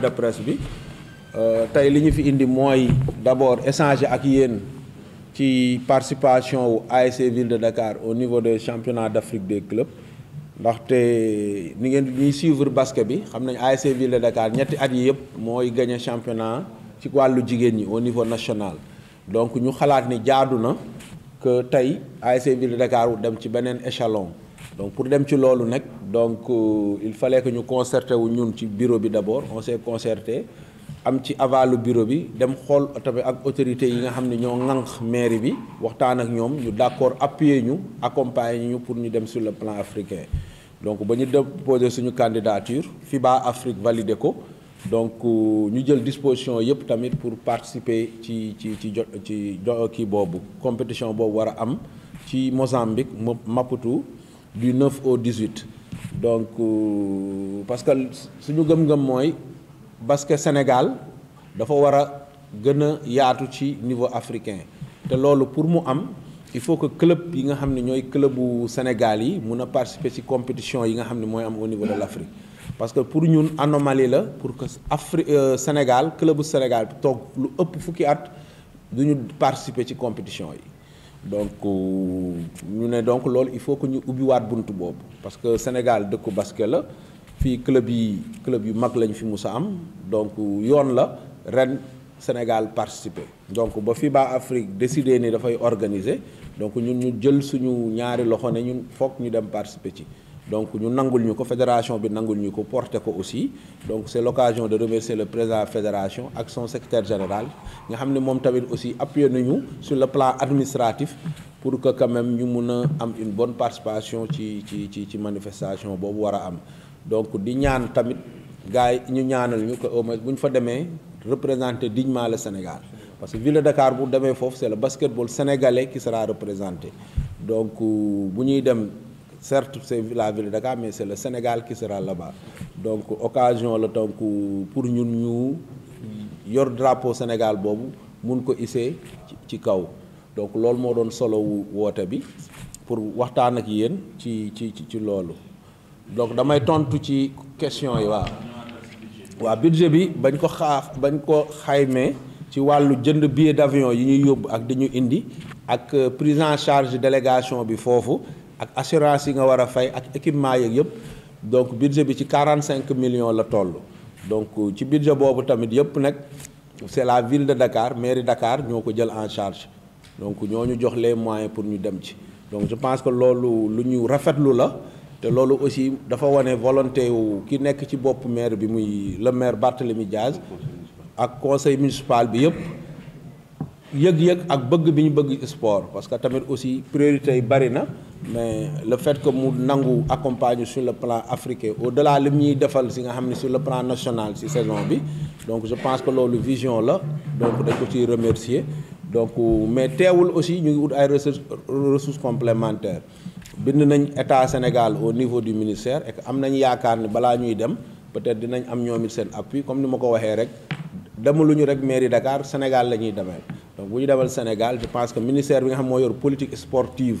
point de presse bi euh, tey li ñu fi indi moy d'abord échanger ak yéen ci participation au ASC Ville de Dakar au niveau des championnats d'Afrique des clubs Donc, ni ngeen ñuy suivre basket bi comme nañ ASC Ville de Dakar ñetti at yi yëpp mooy gagné championnat ci walu jigen ñi au niveau national donc ñu xalaat ni jaaduna que tay ASC Ville de Dakar dem ci benen échelon donc pour dem ci lolu nag donc euh, il fallait que nous concerté ñun ci bureau bi d'abord on s'est concerté am ci avalu bureau bi dem xol tamit ak autorités yi nga xamni ñoo ngank mairie bi waxtaan ak ñom ñu d'accord appuyer ñu accompagner ñu pour ñu dem sur le plan africain donc bañu déposer suñu candidature FIBA Afrique validé ko donc euh, ñu jël disposition yépp tamit pour participer ci ci ci jo ci compétition bobu wara am ci Mozambique Maputo du 9 au 18 donc euh, parce que si nous gëm le basket Sénégal dafa Sénégal a gën niveau africain pour moi, il faut que club yi nga xamni ñoy Sénégal yi à la compétition au niveau de l'Afrique parce que pour ñun anomalie la pour que Afrique euh, Sénégal clubu Sénégal à lu ëpp fukki at compétition donc euh, donc il faut que nous oublions. parce que Sénégal de basket la club club yu mag fi donc la ren Sénégal participer donc si FIBA Afrique décidé ni organiser donc ñun jël participer donc nous nangul une ko fédération bi nangul nous porter aussi donc c'est l'occasion de remercier le président de la fédération action son secrétaire général Nous avons aussi appuyé sur le plan administratif pour que quand même ñu une bonne participation ci ci manifestation donc di ñaan tamit gars ñu ñaanal ñu que au fa représenter dignement le Sénégal parce que ville de Dakar bu c'est le basketball sénégalais qui sera représenté donc nous euh, dem certes c'est la ville de Dakar mais c'est le Sénégal qui sera là-bas donc occasion le donc pour ñun ñu yor drapeau Sénégal Bobu, mun ko hissé ci kaw donc lool mo doon solo wote bi pour waxtaan ak yeen ci ci ci loolu donc damay tontu ci question yi wa wa budget bi bañ ko xaa bañ ko xaymee ci walu jënd billet d'avion yi ñuy yob ak diñu indi ak prise en charge délégation bi fofu ak assurance yi nga war a fay ak équipement yeeg yëpp donc budget bi ci 45 millions la toll donc ci budget boobu tamit yëpp nag c'est la ville de Dakar mairie Dakar ñoo ko jël en charge donc ñoo ñu jox les moyen pour ñu dem ci donc je pense que loolu lu ñu rafetlu la te loolu aussi dafa wane volonté wu ki nekk ci bopp maire bi muy le maire Barthélémy Diaz ak conseil municipal bi yëpp yëg-yëg ak bëgg bi ñu bëgg sport parce que tamit aussi priorité yi bari na mais le fait que nous nangu accompagne sur le plan africain au-delà de ce defal si nga sur le plan national si saison bi donc je pense que une vision là donc je ko remercier donc mais téwul aussi une ngi ay ressources complémentaires bind nañ état Sénégal au niveau du ministère et am nañ yaakar ni bala ñuy dem peut-être dinañ am ñoom sen appui comme ni mako waxé Nous rek demaluñu rek mairie Dakar Sénégal lañuy démé donc nous ñu Sénégal je pense que ministère bi nga xam politique sportive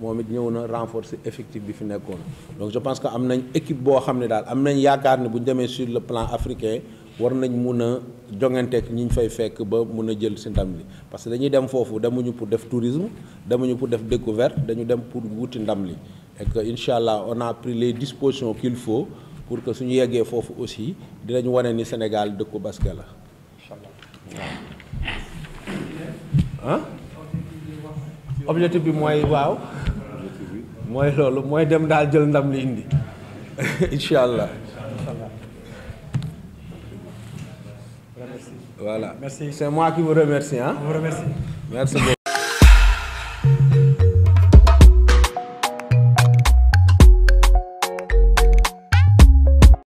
moom it ñëw na renforcer effectif bi fi donc je pense que am équipe boo xam ne daal am nañ yaakaar ne sur le plan africain war nañ mun a jonganteek ñi ñu fay fekk ba mun jël ndam li parce que dañuy dem foofu demuñu pour def tourisme demuñu pour def découverte dañu dem pour wuti ndam li et que incha on a pris les dispositions qu'il faut pour que suñu yeggee foofu aussi dinañ wane ni Sénégal de basket la. Hein? objectif bi mooy waaw. mooy loolu mooy dem daal jël ndam li indi inshallah voilà. merci c'est moi qui vous remercie hein. vous remercie. merci beaucoup.